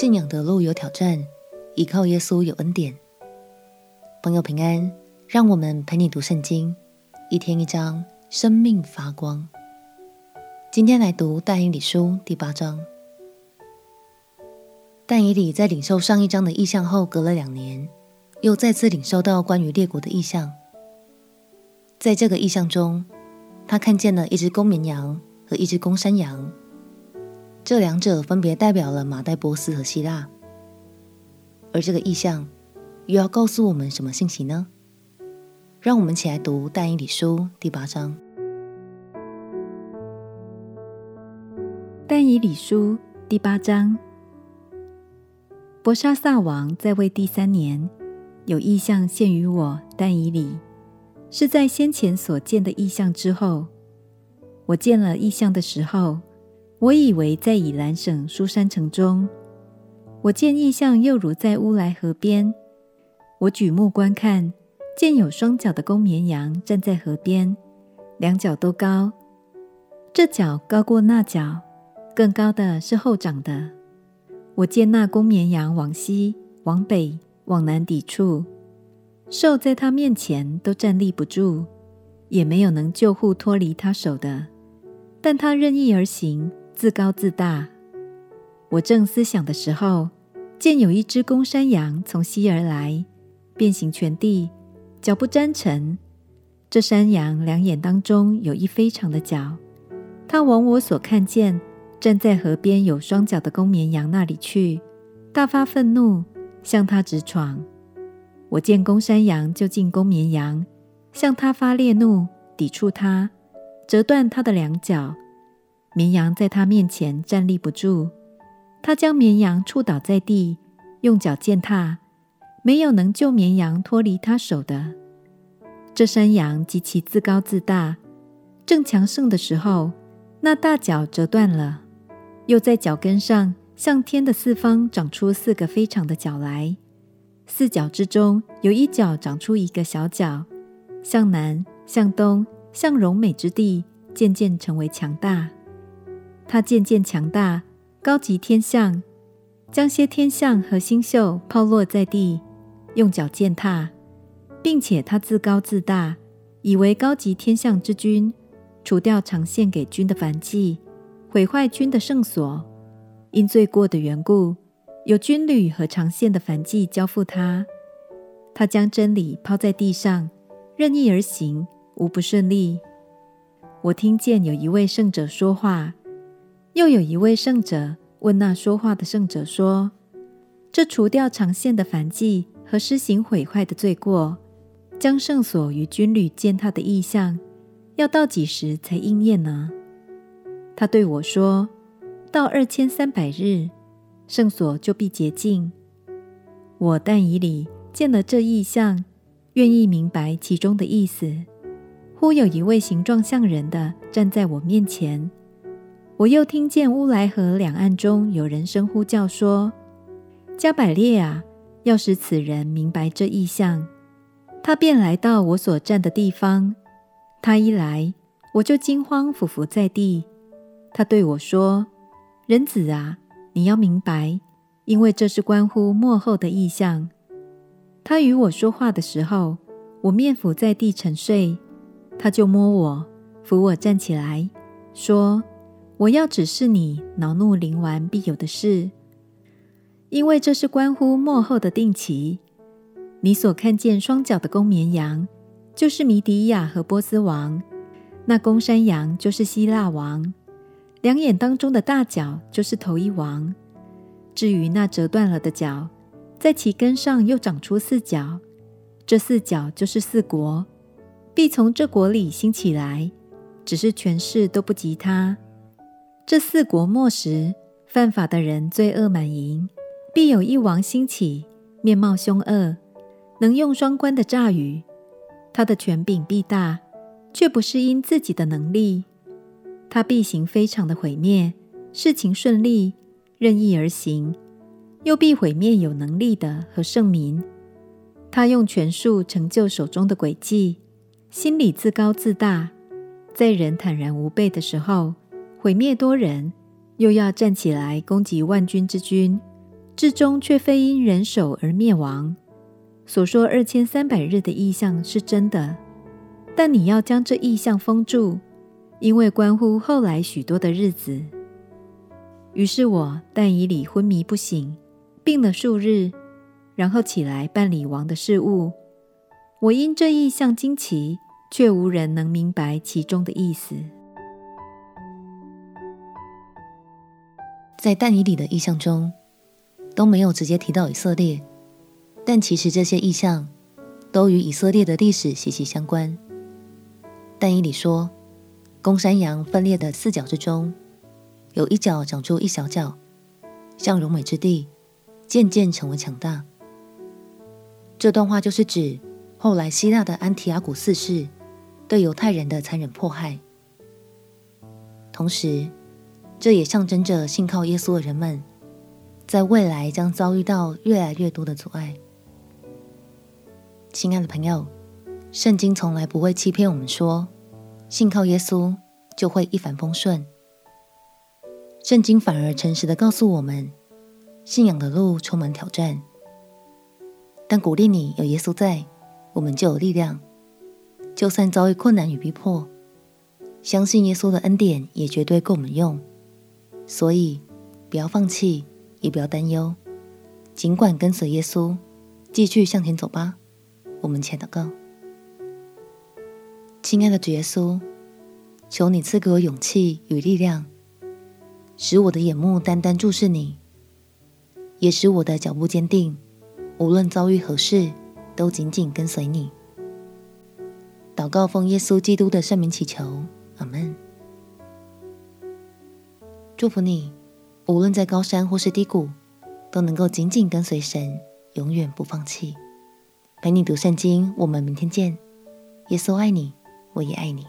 信仰的路有挑戰，依靠耶穌有恩典。朋友平安，讓我們陪你讀聖經，一天一章，生命發光。今天來讀但以理書第八章。但以理在領受上一章的異象後，隔了兩年，又再次領受到關於列國的異象。在這個異象中，他看見了一隻公綿羊和一隻公山羊。這兩者分別代表了馬代波斯和希臘，而這個意象又要告訴我們什麼信息呢？讓我們一起來讀但以理書第八章。但以理書第八章，伯沙撒王在位第三年，有意象現於我，但以理，是在先前所見的意象之後，我見了意象的時候。我以為在以攔省書珊城中，我見異象又如在烏來河邊。我舉目觀看，見有雙角的公綿羊站在河邊，兩角都高，這角高過那角，更高的是後長的。我見那公綿羊往西、往北、往南抵觸，獸在他面前都站立不住，也沒有能救護脫離他手的。但它任意而行。自高自大。我正思想的時候，見有一隻公山羊從西而來，遍行全地，腳不沾塵。這山羊兩眼當中有一非常的角，它往我所看見站在河邊有雙角的公綿羊那裡去，大發憤怒，向它直闖。我見公山羊就近公綿羊，向它發烈怒，抵觸它，折斷它的兩角。綿羊在他面前站立不住，他將綿羊觸倒在地，用腳踐踏，沒有能救綿羊脫離他手的。這山羊極其自高自大，正強盛的時候，那大角折斷了，又在角根上向天的四方長出四個非常的角來。四角之中有一角長出一個小角，向南、向東、向榮美之地，漸漸成為強大。他漸漸強大，高及天象將些天象和星宿拋落在地，用腳踐踏，並且他自高自大，以為高及天象之君，除掉常獻給君的燔祭，毀壞君的聖所。因罪過的緣故，有軍旅和常獻的燔祭交付他，他將真理拋在地上，任意而行，無不順利。我聽見有一位聖者說話。又有一位聖者問那說話的聖者說：“這除掉常獻的燔祭和施行毀壞的罪過，將聖所與軍旅踐踏的異象，要到幾時才應驗呢？”他對我說：“到二千三百日，聖所就必潔淨。”我但以理見了這異象，願意明白其中的意思。忽有一位形狀像人的站在我面前。我又聽見烏來河兩岸中有人聲呼叫說：“加百列啊，要使此人明白這異象。”他便來到我所站的地方。他一來，我就驚慌俯伏在地。他對我說：“人子啊，你要明白，因為這是關乎末後的異象。”他與我說話的時候，我面伏在地沉睡。他就摸我，扶我站起來，說。我要指示你，惱怒臨完必有的事，因為這是關乎末後的定期。你所看見雙角的公綿羊，就是米底亞和波斯王；那公山羊就是希臘王；兩眼當中的大角就是頭一王。至於那折斷了的角，在其根上又長出四角，這四角就是四國，必從這國裡興起來，只是權勢都不及它。這四國末時，犯法的人罪惡滿盈，必有一王興起，面貌凶惡，能用雙關的詐語。他的權柄必大，卻不是因自己的能力。他必行非常的毀滅，事情順利，任意而行，又必毀滅有能力的和聖民。他用權術成就手中的詭計，心裡自高自大，在人坦然無備的時候。毀滅多人，又要站起來攻擊萬軍之君，至終卻非因人手而滅亡。所說二千三百日的異象是真的，但你要將這異象封住，因為關乎後來許多的日子。於是我但以理昏迷不醒，病了數日，然後起來辦理王的事務。我因這異象驚奇，卻無人能明白其中的意思。在但以理的意象中，都沒有直接提到以色列，但其實這些意象都與以色列的歷史息息相關。但以理說，公山羊分裂的四角之中，有一角長出一小角，像榮美之地漸漸成為強大。這段話就是指後來希臘的安提阿古四世對猶太人的殘忍迫害，同時，這也象徵着信靠耶穌的人們，在未來將遭遇到越來越多的阻礙。親愛的朋友，聖經從來不會欺騙我們說，信靠耶穌就會一帆風順。聖經反而誠實的告訴我們，信仰的路充滿挑戰。但鼓勵你，有耶穌在，我們就有力量。就算遭遇困難與逼迫，相信耶穌的恩典也絕對夠我們用。所以，不要放棄，也不要擔憂，儘管跟隨耶穌，繼續向前走吧。我們前禱告：親愛的主耶穌，求你賜給我勇氣與力量，使我的眼目單單注視你，也使我的腳步堅定，無論遭遇何事，都緊緊跟隨你。禱告奉耶穌基督的聖名祈求，阿門。祝福你，無論在高山或是低谷，都能夠緊緊跟隨神，永遠不放棄。陪你讀聖經，我們明天見。耶穌愛你，我也愛你。